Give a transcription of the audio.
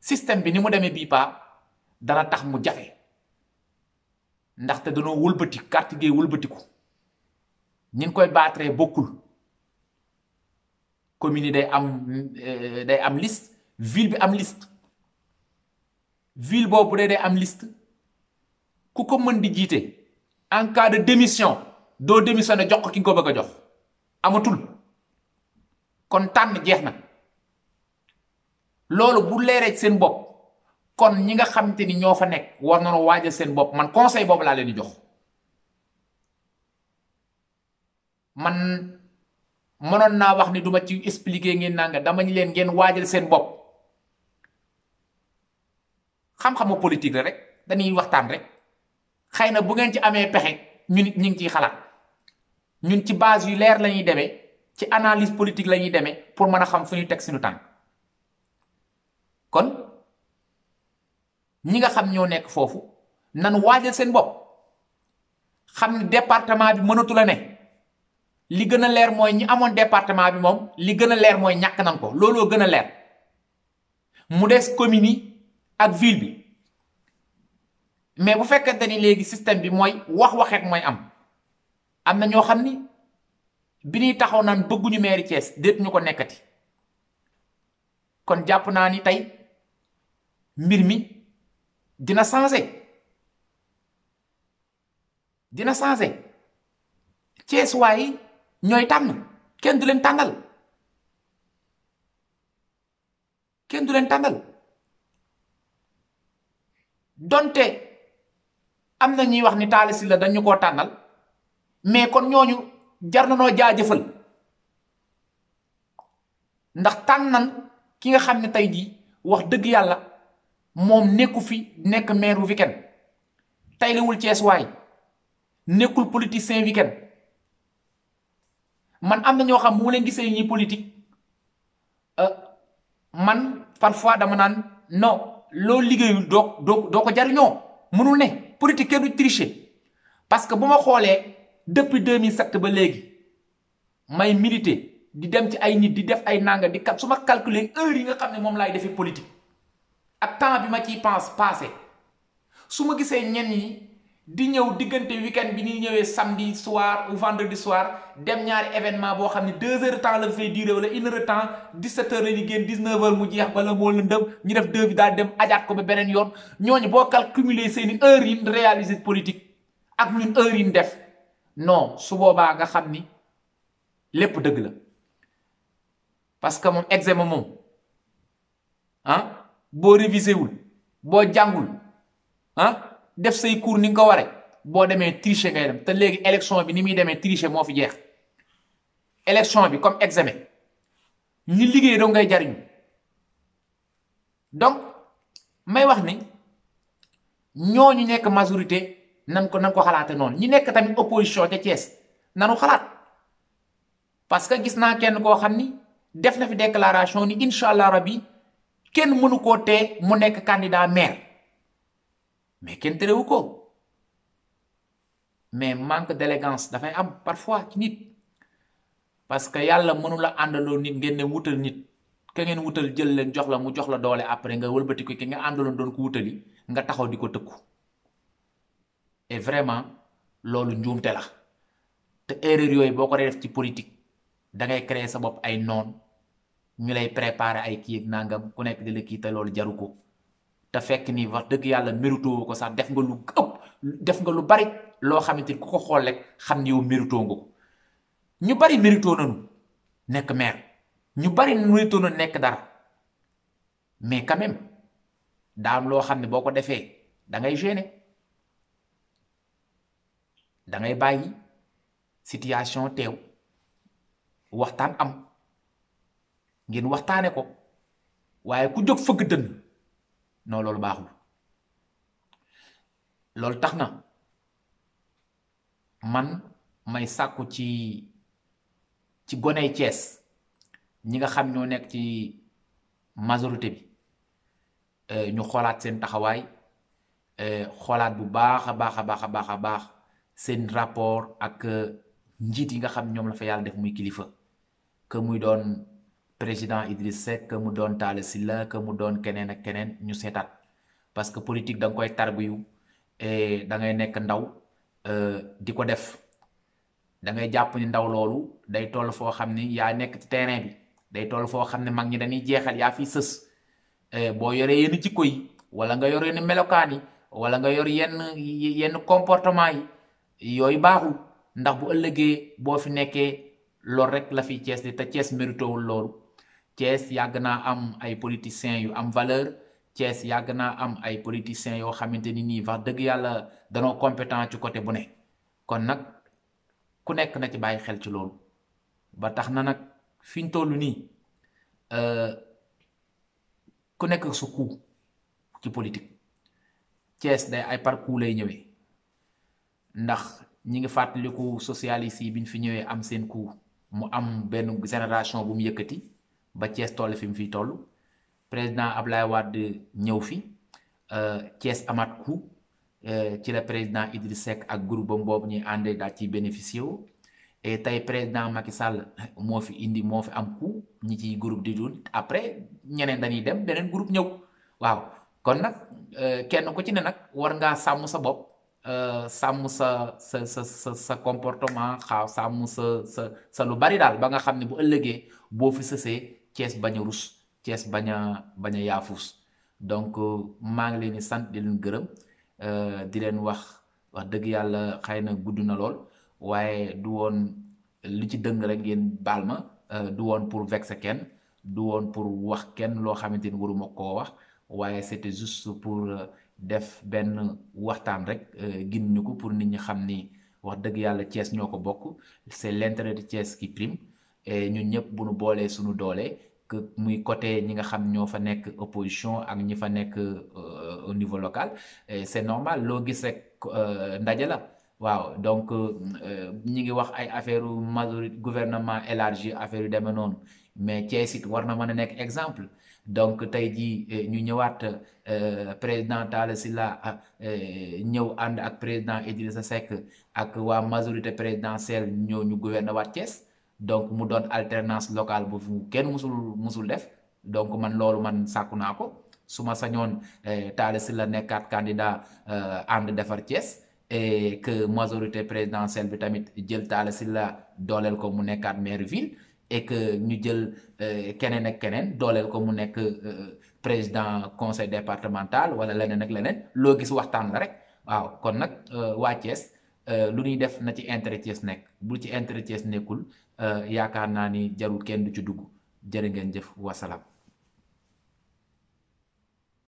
système bi ni mu demee bii paa dana tax mu jafe ndaxte danoo wëlbati carte gi wëlbatiku ñin koy baatree bokkul commune yi day am eh, day am liste ville bi am liste ville boobu dee day am liste ku ko mën di jiite en cas de doo démissionné jox ko ki nga ko bëgg a jox amatul kon tànn jeex na loolu bu leeree seen bopp kon ñi nga xamante ni ñoo fa nekk war nañoo waajal seen bopp man conseil boobu laa leen di jox man mënoon naa wax ni duma ci expliquer ngeen naa nga dama ñu leen ngeen waajal seen bopp xam-xamu politique la rek dañuy waxtaan rek xëy na bu ngeen ci amee pexe ñu nit ñi ngi ciy xalaat ñun ci base yu leer la ñuy demee ci analyse politique la ñuy demee pour mën a xam fu ñuy teg suñu tànk kon ñi nga xam ñoo nekk foofu nanu waajal seen bopp xam ne département bi mënatula ne li gën a leer mooy ñi amoon département bi moom li gën a leer mooy ñàkk nan ko looloo gën a leer mu des communes yi ak ville bi mais bu fekkente ni léegi système bi mooy wax waxeek mooy am am na ñoo xam ni bi ñuy taxaw naan bëgguñu meeri Thiès déet ñu ko nekkati kon jàpp naa ni tey mbir mi dina changé dina changé Thiès waaye ñooy tànn kenn du leen tànnal kenn du leen tànnal donte am na ñuy wax ni Talla Sylla dañu ko tànnal mais kon ñooñu jar na noo jaajëfal ndax nan ki nga xam ne tey jii wax dëgg yàlla moom nekku fi nekk maire weekend taylewul Cees waay nekkul politicien weekend man am na ñoo xam bu leen gisee ñi politique euh, man parfois dama naan non loo liggéeyul doo doo doo ko jariñoo mënul ne politique kenn du tricher bu ma xoolee depuis 2007 ba léegi may militer di dem ci ay nit di def ay nanga bi kat su ma calculer heure yi nga xam ne moom laay defee politique ak temps bi ma ciy pense passé su ma gisee ñenn yi di ñëw diggante weekend bi ñuy ñëwee samedi soir ou vendredi soir dem ñaari événement boo xam ne deux heures de temps la fay duré wala une heure de temps dix-sept heures génn dix mu jeex bala moo lëndëm ñu def deux bi daal dem ajaat ko ba beneen yoon ñooñu boo calculer seeni heures yi réaliser politique ak ñun heure yi def non su boobaa nga xam ni lépp dëgg la parce que moom examen moom ah boo révisé wul boo jàngul ah def say cours ni nga ko waree boo demee tricher ngay dem te léegi élection bi ni muy demee tricher moo fi jeex élection bi comme examen ñi liggéey doo ngay jariñ donc may wax ni ñooñu nekk majorité nan ko nan ko xalaate noonu ñi nekk tamit opposition ca Thiès nanu xalaat parce que gis naa kenn koo xam ni def na fi déclaration ni incha allah rabi kenn mënu koo tee mu nekk candidat maire mais kenn terewu ko mais manque d'élégance dafay am parfois ci nit parce que yàlla mënula àndaloo nit ngeen ne wutal nit ka ngeen wutal jël leen jox la mu jox la doole après nga wëlbati ko ki nga àndaloon doon ko wutali nga taxaw di ko tëkku et vraiment loolu njuumte la te erreur yooyu boo ko def ci politique da ngay créer sa bopp ay noon ñu lay préparer ay kii ak nangam ku nekk di la kii te loolu jaru ko te fekk nii wax dëgg yàlla méritoo ko sax def nga lu ëpp def nga lu bari loo xamante ni ku ko xool rek xam ni yow méritoo nga ko ñu bari méritoo nañu nekk maire ñu bari méritoo nañu nekk dara mais quand daam loo xam ne boo ko defee dangay ngay da bàyyi situation teew waxtaan am ngin waxtaane ko waaye ku jóg fëgg dënn non loolu baaxul loolu tax na man may sàkku ci ci goney Cees ñi nga xam ñoo nekk ci masorité bi euh, ñu xoolaat seen taxawaay euh, xoolaat bu baax a baax a baax a baax a baax seen rapport ak euh, njiit yi nga xam ñoom la fa yàlla def muy kilifa que muy doon président Idriss Seck que mu doon Talla Sylla que mu doon keneen ak keneen ñu seetaat parce que politique da nga koy tarbiyu et da ngay nekk ndaw euh, di ko def da ngay jàpp ni ndaw loolu day toll foo xam ni yaa nekk ci terrain bi day toll foo xam ne mag ñi dañuy jeexal yaa fi sës boo yoree yenn jikko yi wala nga yor yenn melokaan yi nga yor yenn yenn comportement yi yooyu baaxul ndax bu ëllëgee boo fi nekkee loolu rek la fi cees di te cees méritowul loolu cees yàgg naa am ay politiciens yu am valeur cees yàgg naa am ay politiciens yoo xamante ni nii wax dëgg yàlla danoo compétent ci côté bu ne kon nag ku nekk na ci bàyyi xel ci loolu ba tax na nag fi ñu toll nii euh, ku nekk su coup ci politique cees day ay parcours lay ñëwee. ndax ñi ngi fàttaliku socialiste yi bi ñu fi ñëwee am seen coup mu am benn génération bu mu yëkkati ba Thiès toll fi mu fi toll président Ablaye Wade ñëw fi euh, Thiès amat coup euh, ci la président Idriss Seck ak groupe bam boobu ñuy àndee daal ci bénéficié wu et tey président Macky Sall moo fi indi moo fi am coup ñi ciy groupe di dund après ñeneen dañuy dem beneen groupe ñëw waaw kon nag euh, kenn ku ci ne nag war ngaa sàmm sa bopp. Eh, sàmm sa sa sa sa sa comportement xaaw sàmm sa sa sa lu bari daal ba nga xam ne bu ëllëgee boo fi sësee Cees bañ a rus Cees baña a bañ a yaafus donc euh, maa ngi leen di sant di leen gërëm eh, di leen wax wax dëgg yàlla xëy na gudd na lool waaye du woon li ci dëng rek ngeen baal ma eh, du woon pour vexer kenn du woon pour wax kenn loo xamante ni waruma koo wax waaye c'était juste pour euh, def benn waxtaan rek euh, gin ñu ko pour nit ñi xam ni wax dëgg yàlla cees ñoo ko bokk c'est l'intérêt de Thiès qui prime et ñun ñëpp bu nu boolee suñu doolee que muy côté ñi nga xam ñoo fa nekk opposition ak ñi fa nekk euh, au niveau local c'est normal loo gis rek euh, ndaje la waaw donc ñi ngi wax ay affaire majorité gouvernement élargi affaire yu demee noonu mais Thiès it war na mën a nekk exemple donc tey jii eh, ñu ñëwaat eh, président Talla Sylla eh, ñëw ànd ak président Idrissa Seck ak waa majorité présidentielle ñoo ñu gouverner waat Thiès donc mu doon alternance locale bu fu kenn musul musul def donc man loolu man sàkku naa ko su ma sañoon si la nekkaat candidat ànd defar Thiès et que majorité présidentielle bi tamit jël taale si la dooleel ko mu nekkaat maire ville et ñu jël euh, keneen ak keneen dooleel ko mu nekk euh, président conseil départemental wala leneen ak leneen loo gis waxtaan la rek waaw kon nag euh, waa Thiès lu nuy def na ci intérêt nekk bu ci intérêt Thiès nekkul yaakaar naa ni jarul kenn du ci dugg jërë ngeen jëf wasalaam.